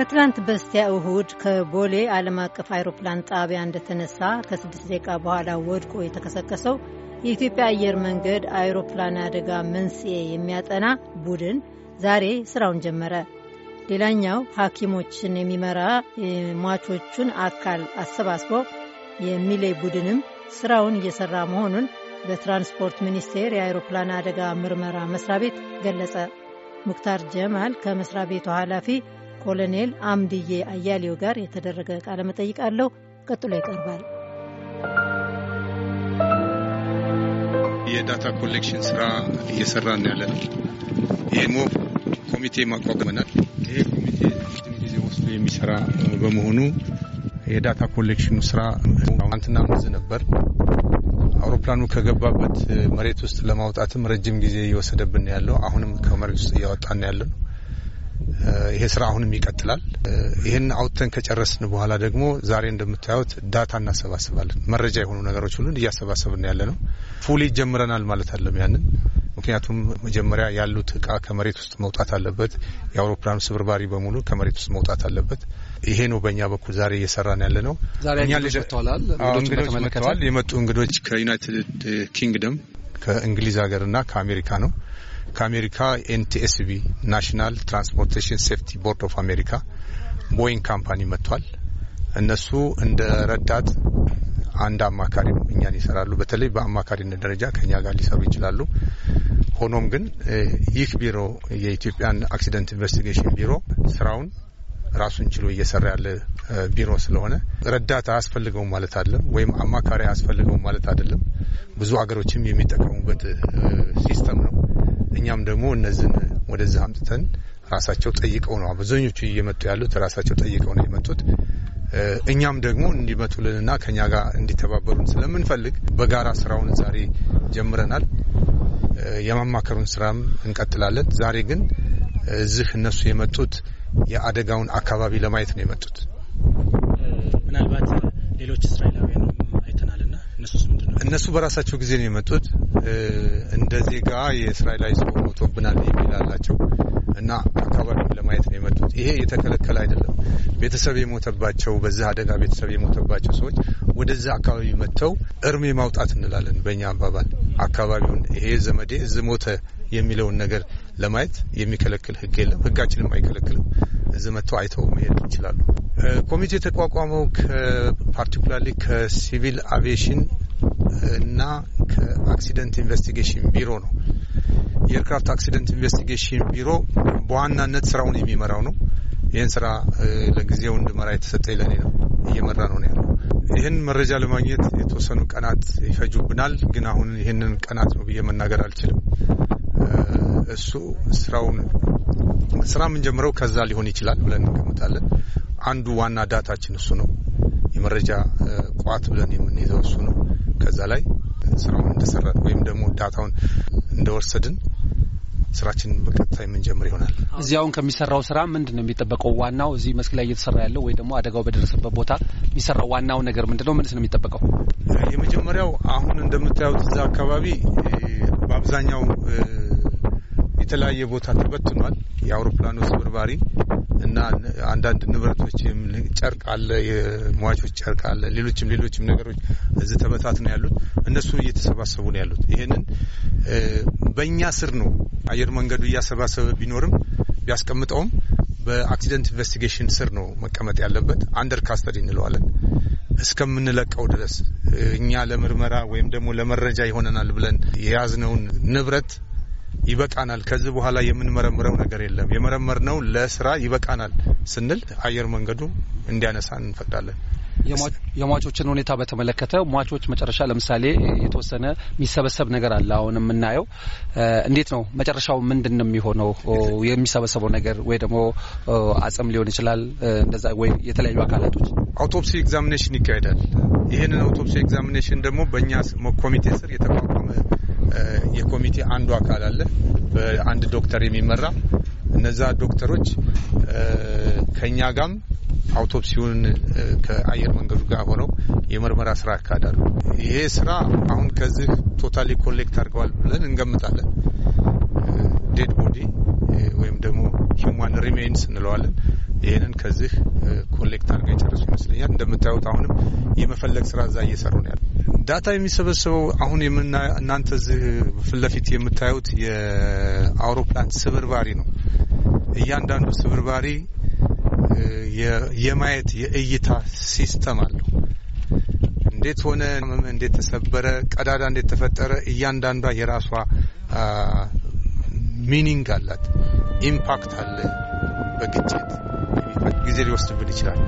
ከትላንት በስቲያ እሁድ ከቦሌ ዓለም አቀፍ አይሮፕላን ጣቢያ እንደተነሳ ከስድስት ደቂቃ በኋላ ወድቆ የተከሰከሰው የኢትዮጵያ አየር መንገድ አይሮፕላን አደጋ መንስኤ የሚያጠና ቡድን ዛሬ ስራውን ጀመረ። ሌላኛው ሐኪሞችን የሚመራ የሟቾቹን አካል አሰባስቦ የሚለይ ቡድንም ስራውን እየሰራ መሆኑን በትራንስፖርት ሚኒስቴር የአይሮፕላን አደጋ ምርመራ መስሪያ ቤት ገለጸ። ሙክታር ጀማል ከመስሪያ ቤቱ ኃላፊ ኮሎኔል አምድዬ አያሌው ጋር የተደረገ ቃለ መጠይቅ አለው። ቀጥሎ ይቀርባል። የዳታ ኮሌክሽን ስራ እየሰራን ያለ ኢሞ ኮሚቴ ማቋቋመናል። ይሄ ኮሚቴ ጊዜ ወስዶ የሚሰራ በመሆኑ የዳታ ኮሌክሽኑ ስራ ትናንትና ምዝ ነበር። አውሮፕላኑ ከገባበት መሬት ውስጥ ለማውጣትም ረጅም ጊዜ እየወሰደብን ያለው አሁንም ከመሬት ውስጥ እያወጣን ያለ ነው። ይሄ ስራ አሁንም ይቀጥላል። ይህን አውጥተን ከጨረስን በኋላ ደግሞ ዛሬ እንደምታዩት ዳታ እናሰባስባለን። መረጃ የሆኑ ነገሮች ሁሉን እያሰባሰብን ያለ ነው። ፉሊ ጀምረናል ማለት አለም ያንን ምክንያቱም መጀመሪያ ያሉት እቃ ከመሬት ውስጥ መውጣት አለበት። የአውሮፕላኑ ስብርባሪ በሙሉ ከመሬት ውስጥ መውጣት አለበት። ይሄ ነው በእኛ በኩል ዛሬ እየሰራን ያለ ነው። እንግዶች መጥተዋል። የመጡ እንግዶች ከዩናይትድ ኪንግደም ከእንግሊዝ ሀገርና ከአሜሪካ ነው። ከአሜሪካ ኤንቲኤስቢ ናሽናል ትራንስፖርቴሽን ሴፍቲ ቦርድ ኦፍ አሜሪካ ቦይንግ ካምፓኒ መጥቷል። እነሱ እንደ ረዳት አንድ አማካሪ ነው እኛን ይሰራሉ። በተለይ በአማካሪነት ደረጃ ከኛ ጋር ሊሰሩ ይችላሉ። ሆኖም ግን ይህ ቢሮ የኢትዮጵያን አክሲደንት ኢንቨስቲጌሽን ቢሮ ስራውን ራሱን ችሎ እየሰራ ያለ ቢሮ ስለሆነ ረዳት አያስፈልገውም ማለት አይደለም፣ ወይም አማካሪ አያስፈልገውም ማለት አይደለም። ብዙ ሀገሮችም የሚጠቀሙበት ሲስተም ነው። እኛም ደግሞ እነዚህን ወደዚህ አምጥተን ራሳቸው ጠይቀው ነው አብዛኞቹ እየመጡ ያሉት ራሳቸው ጠይቀው ነው የመጡት። እኛም ደግሞ እንዲመጡልንና ከኛ ጋር እንዲተባበሩን ስለምንፈልግ በጋራ ስራውን ዛሬ ጀምረናል። የማማከሩን ስራም እንቀጥላለን። ዛሬ ግን እዚህ እነሱ የመጡት የአደጋውን አካባቢ ለማየት ነው የመጡት። ምናልባት ሌሎች እስራኤላውያን አይተናልና እነሱስ እነሱ በራሳቸው ጊዜ ነው የመጡት። እንደ ዜጋ የእስራኤላዊ ሰው ሞቶብናል የሚል አላቸው እና አካባቢውን ለማየት ነው የመጡት። ይሄ የተከለከለ አይደለም። ቤተሰብ የሞተባቸው በዚህ አደጋ ቤተሰብ የሞተባቸው ሰዎች ወደዛ አካባቢ መጥተው እርሜ ማውጣት እንላለን በእኛ አባባል። አካባቢውን ይሄ ዘመዴ እዚህ ሞተ የሚለውን ነገር ለማየት የሚከለክል ህግ የለም። ህጋችንም አይከለክልም። እዚህ መጥተው አይተው መሄድ ይችላሉ። ኮሚቴ የተቋቋመው ከፓርቲኩላርሊ ከሲቪል አቪዬሽን እና ከአክሲደንት ኢንቨስቲጌሽን ቢሮ ነው። የኤርክራፍት አክሲደንት ኢንቨስቲጌሽን ቢሮ በዋናነት ስራውን የሚመራው ነው። ይህን ስራ ለጊዜው እንድመራ የተሰጠ ለኔ ነው። እየመራ ነው ያለው። ይህን መረጃ ለማግኘት የተወሰኑ ቀናት ይፈጁብናል፣ ግን አሁን ይህንን ቀናት ነው ብዬ መናገር አልችልም። እሱ ስራውን ስራ የምንጀምረው ከዛ ሊሆን ይችላል ብለን እንገምታለን። አንዱ ዋና ዳታችን እሱ ነው። የመረጃ ቋት ብለን የምንይዘው እሱ ነው። ከዛ ላይ ስራውን እንደሰራ ወይም ደግሞ ዳታውን እንደወሰድን ስራችንን በቀጥታ የምንጀምር ይሆናል። እዚያውን ከሚሰራው ስራ ምንድን ነው የሚጠበቀው? ዋናው እዚህ መስክ ላይ እየተሰራ ያለው ወይ ደግሞ አደጋው በደረሰበት ቦታ የሚሰራው ዋናው ነገር ምንድን ነው? ምንስ ነው የሚጠበቀው? የመጀመሪያው አሁን እንደምታዩት እዛ አካባቢ በአብዛኛው የተለያየ ቦታ ተበትኗል። የአውሮፕላኑ ስብርባሪ እና አንዳንድ ንብረቶችም ጨርቅ አለ፣ የሟቾች ጨርቅ አለ፣ ሌሎችም ሌሎችም ነገሮች እዚህ ተበታት ነው ያሉት። እነሱ እየተሰባሰቡ ነው ያሉት። ይሄንን በእኛ ስር ነው አየር መንገዱ እያሰባሰበ ቢኖርም ቢያስቀምጠውም በአክሲደንት ኢንቨስቲጌሽን ስር ነው መቀመጥ ያለበት። አንደር ካስተዲ እንለዋለን እስከምንለቀው ድረስ እኛ ለምርመራ ወይም ደግሞ ለመረጃ ይሆነናል ብለን የያዝነውን ንብረት ይበቃናል፣ ከዚህ በኋላ የምንመረምረው ነገር የለም፣ የመረመርነው ለስራ ይበቃናል ስንል አየር መንገዱ እንዲያነሳ እንፈቅዳለን። የሟቾችን ሁኔታ በተመለከተ ሟቾች መጨረሻ ለምሳሌ የተወሰነ የሚሰበሰብ ነገር አለ። አሁን የምናየው እንዴት ነው መጨረሻው ምንድን ነው የሚሆነው? የሚሰበሰበው ነገር ወይ ደግሞ አጽም ሊሆን ይችላል እንደዛ ወይ የተለያዩ አካላቶች አውቶፕሲ ኤግዛሚኔሽን ይካሄዳል። ይህንን አውቶፕሲ ኤግዛሚኔሽን ደግሞ በእኛ ኮሚቴ ስር የተቋቋመ የኮሚቴ አንዱ አካል አለ፣ በአንድ ዶክተር የሚመራ እነዛ ዶክተሮች ከኛ ጋም አውቶፕሲውን ከአየር መንገዱ ጋር ሆነው የምርመራ ስራ ያካሂዳሉ። ይሄ ስራ አሁን ከዚህ ቶታሊ ኮሌክት አድርገዋል ብለን እንገምታለን። ዴድ ቦዲ ወይም ደግሞ ሂውማን ሪሜይንስ እንለዋለን። ይህንን ከዚህ ኮሌክት አድርገው የጨረሱ ይመስለኛል። እንደምታዩት አሁንም የመፈለግ ስራ እዛ እየሰሩ ነው ያለ እርዳታ የሚሰበሰበው አሁን የምና እናንተ እዚህ ፊት ለፊት የምታዩት የአውሮፕላን ስብርባሪ ነው። እያንዳንዱ ስብርባሪ የማየት የእይታ ሲስተም አለው። እንዴት ሆነ፣ እንዴት ተሰበረ፣ ቀዳዳ እንዴት ተፈጠረ፣ እያንዳንዷ የራሷ ሚኒንግ አላት፣ ኢምፓክት አለ። በግጭት ጊዜ ሊወስድብን ይችላል።